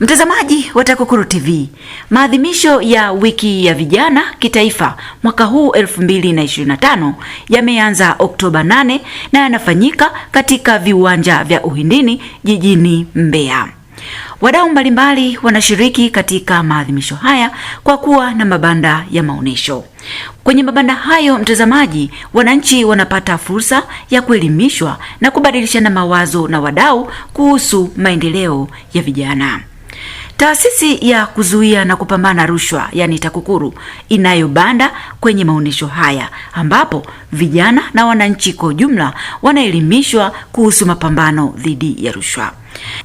Mtazamaji wa Takukuru TV, maadhimisho ya wiki ya vijana kitaifa mwaka huu 2025 yameanza Oktoba 8 na yanafanyika katika viwanja vya Uhindini jijini Mbeya. Wadau mbalimbali wanashiriki katika maadhimisho haya kwa kuwa na mabanda ya maonyesho. Kwenye mabanda hayo, mtazamaji, wananchi wanapata fursa ya kuelimishwa na kubadilishana mawazo na wadau kuhusu maendeleo ya vijana. Taasisi ya kuzuia na kupambana rushwa yani TAKUKURU inayo banda kwenye maonyesho haya ambapo vijana na wananchi kwa ujumla wanaelimishwa kuhusu mapambano dhidi ya rushwa.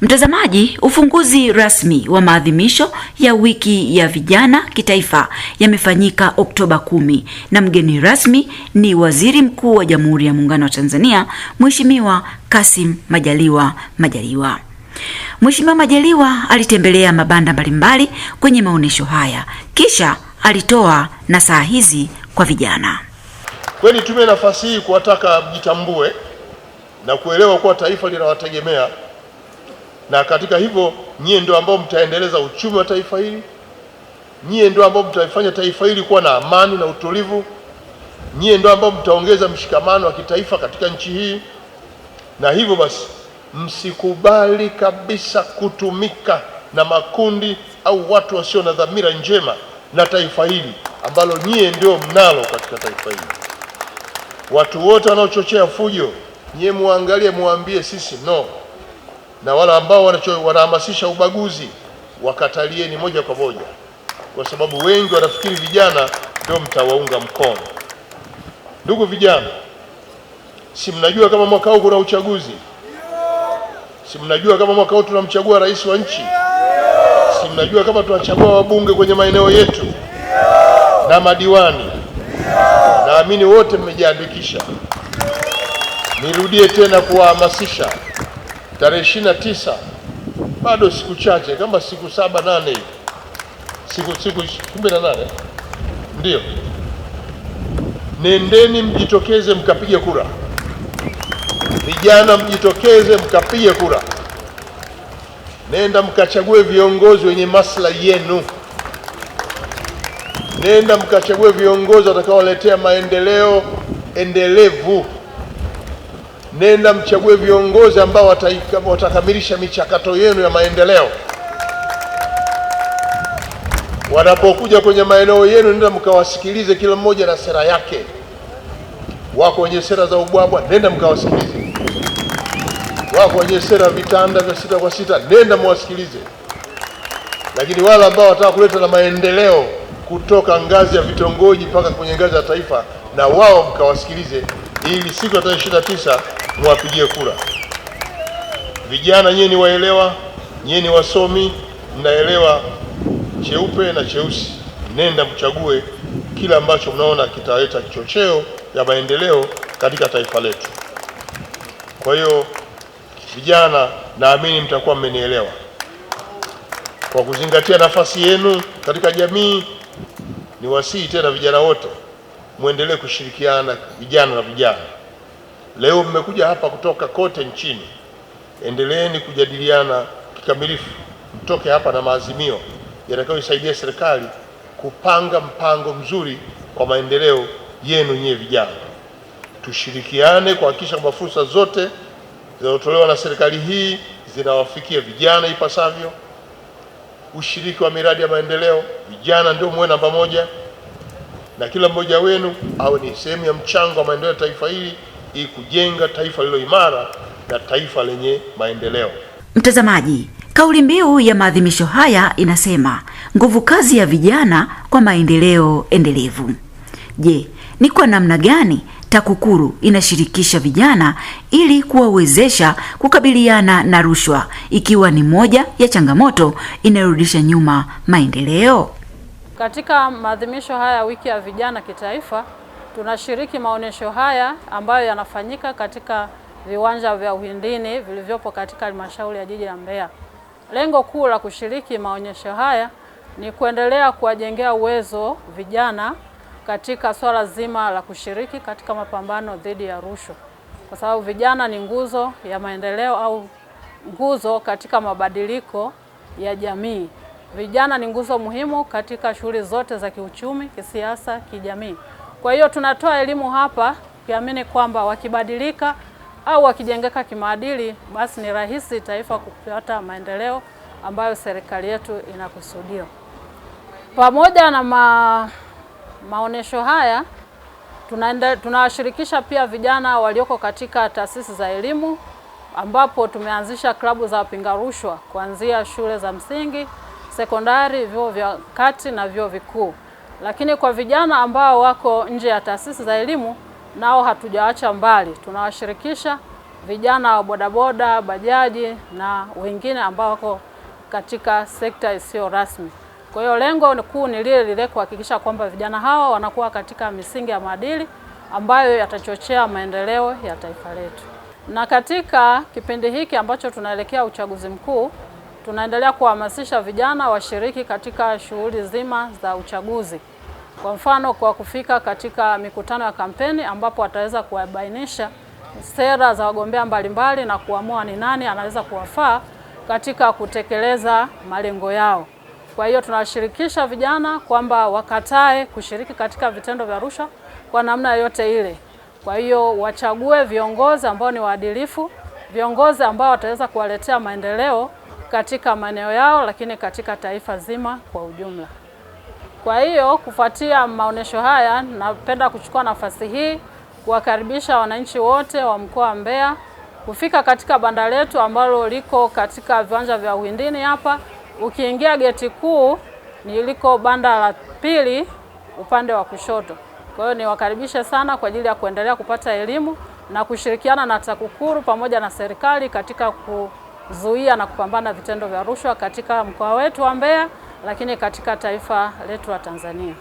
Mtazamaji, ufunguzi rasmi wa maadhimisho ya wiki ya vijana kitaifa yamefanyika Oktoba kumi na mgeni rasmi ni Waziri Mkuu wa Jamhuri ya Muungano wa Tanzania Mheshimiwa Kassim Majaliwa Majaliwa. Mheshimiwa Majaliwa alitembelea mabanda mbalimbali kwenye maonyesho haya kisha alitoa nasaha hizi kwa vijana. Kweli nitumie nafasi hii kuwataka mjitambue na kuelewa kuwa taifa linawategemea, na katika hivyo nyie ndio ambao mtaendeleza uchumi wa taifa hili, nyie ndio ambao mtaifanya taifa hili kuwa na amani na utulivu, nyie ndio ambao mtaongeza mshikamano wa kitaifa katika nchi hii, na hivyo basi msikubali kabisa kutumika na makundi au watu wasio na dhamira njema na taifa hili ambalo nyie ndio mnalo katika taifa hili. Watu wote wanaochochea fujo, nyie muangalie, muambie sisi no, na wale ambao wanahamasisha ubaguzi wakatalieni moja kwa moja, kwa sababu wengi wanafikiri vijana ndio mtawaunga mkono. Ndugu vijana, si mnajua kama mwaka huu kuna uchaguzi? Si mnajua kama mwaka huu tunamchagua rais wa nchi? Si mnajua kama tunachagua wabunge kwenye maeneo yetu na madiwani? Naamini wote mmejiandikisha. Nirudie tena kuwahamasisha, tarehe ishirini na tisa bado siku chache, kama siku saba nane hivi, siku siku kumi na nane ndio. Nendeni mjitokeze mkapige kura, vijana mjitokeze mkapige kura. Nenda mkachague viongozi wenye maslahi yenu, nenda mkachague viongozi watakaoletea maendeleo endelevu, nenda mchague viongozi ambao watakamilisha michakato yenu ya maendeleo. Wanapokuja kwenye maeneo yenu, nenda mkawasikilize, kila mmoja na sera yake. Wako wenye sera za ubwabwa, nenda mkawasikilize wako wenye sera vitanda vya sita kwa sita, nenda mwasikilize. Lakini wale ambao wataka kuleta na maendeleo kutoka ngazi ya vitongoji mpaka kwenye ngazi ya taifa, na wao mkawasikilize, ili siku ya tarehe ishirini na tisa mwapigie kura. Vijana nyewe ni waelewa, nyewe ni wasomi, mnaelewa cheupe na cheusi. Nenda mchague kile ambacho mnaona kitaleta kichocheo ya maendeleo katika taifa letu. Kwa hiyo Vijana, naamini mtakuwa mmenielewa. Kwa kuzingatia nafasi yenu katika jamii, ni wasihi tena vijana wote mwendelee kushirikiana vijana na vijana. Leo mmekuja hapa kutoka kote nchini, endeleeni kujadiliana kikamilifu, mtoke hapa na maazimio yatakayoisaidia serikali kupanga mpango mzuri kwa maendeleo yenu nyewe vijana. Tushirikiane kuhakikisha kwamba fursa zote zinazotolewa na serikali hii zinawafikia vijana ipasavyo. Ushiriki wa miradi ya maendeleo, vijana ndio muwe namba moja, na kila mmoja wenu awe ni sehemu ya mchango wa maendeleo ya taifa hili ili kujenga taifa lililo imara na taifa lenye maendeleo. Mtazamaji, kauli mbiu ya maadhimisho haya inasema nguvu kazi ya vijana kwa maendeleo endelevu. Je, ni kwa namna gani TAKUKURU inashirikisha vijana ili kuwawezesha kukabiliana na rushwa ikiwa ni moja ya changamoto inayorudisha nyuma maendeleo. Katika maadhimisho haya wiki ya vijana kitaifa, tunashiriki maonyesho haya ambayo yanafanyika katika viwanja vya Uhindini vilivyopo katika halmashauri ya jiji la Mbeya. Lengo kuu la kushiriki maonyesho haya ni kuendelea kuwajengea uwezo vijana katika swala zima la kushiriki katika mapambano dhidi ya rushwa, kwa sababu vijana ni nguzo ya maendeleo au nguzo katika mabadiliko ya jamii. Vijana ni nguzo muhimu katika shughuli zote za kiuchumi, kisiasa, kijamii. Kwa hiyo tunatoa elimu hapa kiamini kwamba wakibadilika au wakijengeka kimaadili, basi ni rahisi taifa kupata maendeleo ambayo serikali yetu inakusudia pamoja na ma Maonesho haya tunaenda tunawashirikisha pia vijana walioko katika taasisi za elimu ambapo tumeanzisha klabu za wapinga rushwa kuanzia shule za msingi, sekondari, vyuo vya kati na vyuo vikuu. Lakini kwa vijana ambao wako nje ya taasisi za elimu, nao hatujawacha mbali, tunawashirikisha vijana wa bodaboda, bajaji na wengine ambao wako katika sekta isiyo rasmi. Kwa hiyo lengo kuu ni lile lile, kuhakikisha kwamba vijana hawa wanakuwa katika misingi ya maadili ambayo yatachochea maendeleo ya taifa letu. Na katika kipindi hiki ambacho tunaelekea uchaguzi mkuu, tunaendelea kuhamasisha vijana washiriki katika shughuli zima za uchaguzi. Kwa mfano, kwa kufika katika mikutano ya kampeni ambapo wataweza kuwabainisha sera za wagombea mbalimbali na kuamua ni nani anaweza kuwafaa katika kutekeleza malengo yao. Kwa hiyo tunashirikisha vijana kwamba wakatae kushiriki katika vitendo vya rushwa kwa namna yote ile. Kwa hiyo wachague viongozi ambao ni waadilifu, viongozi ambao wataweza kuwaletea maendeleo katika maeneo yao, lakini katika taifa zima kwa ujumla. Kwa hiyo kufuatia maonesho haya, napenda kuchukua nafasi hii kuwakaribisha wananchi wote wa mkoa wa Mbeya kufika katika banda letu ambalo liko katika viwanja vya Uhindini hapa Ukiingia geti kuu niliko banda la pili upande wa kushoto. Kwa hiyo niwakaribishe sana kwa ajili ya kuendelea kupata elimu na kushirikiana na TAKUKURU pamoja na serikali katika kuzuia na kupambana vitendo vya rushwa katika mkoa wetu wa Mbeya, lakini katika taifa letu la Tanzania.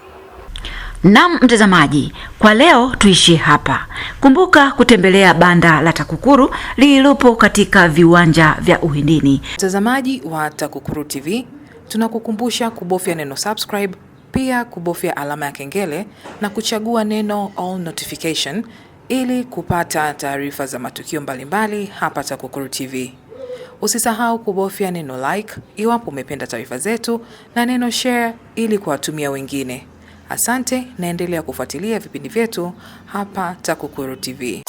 Naam mtazamaji, kwa leo tuishie hapa. Kumbuka kutembelea banda la TAKUKURU lililopo katika viwanja vya Uhindini. Mtazamaji wa TAKUKURU TV, tunakukumbusha kubofya neno subscribe, pia kubofya alama ya kengele na kuchagua neno all notification ili kupata taarifa za matukio mbalimbali mbali hapa TAKUKURU TV. Usisahau kubofya neno like iwapo umependa taarifa zetu na neno share ili kuwatumia wengine. Asante, naendelea kufuatilia vipindi vyetu hapa TAKUKURU TV.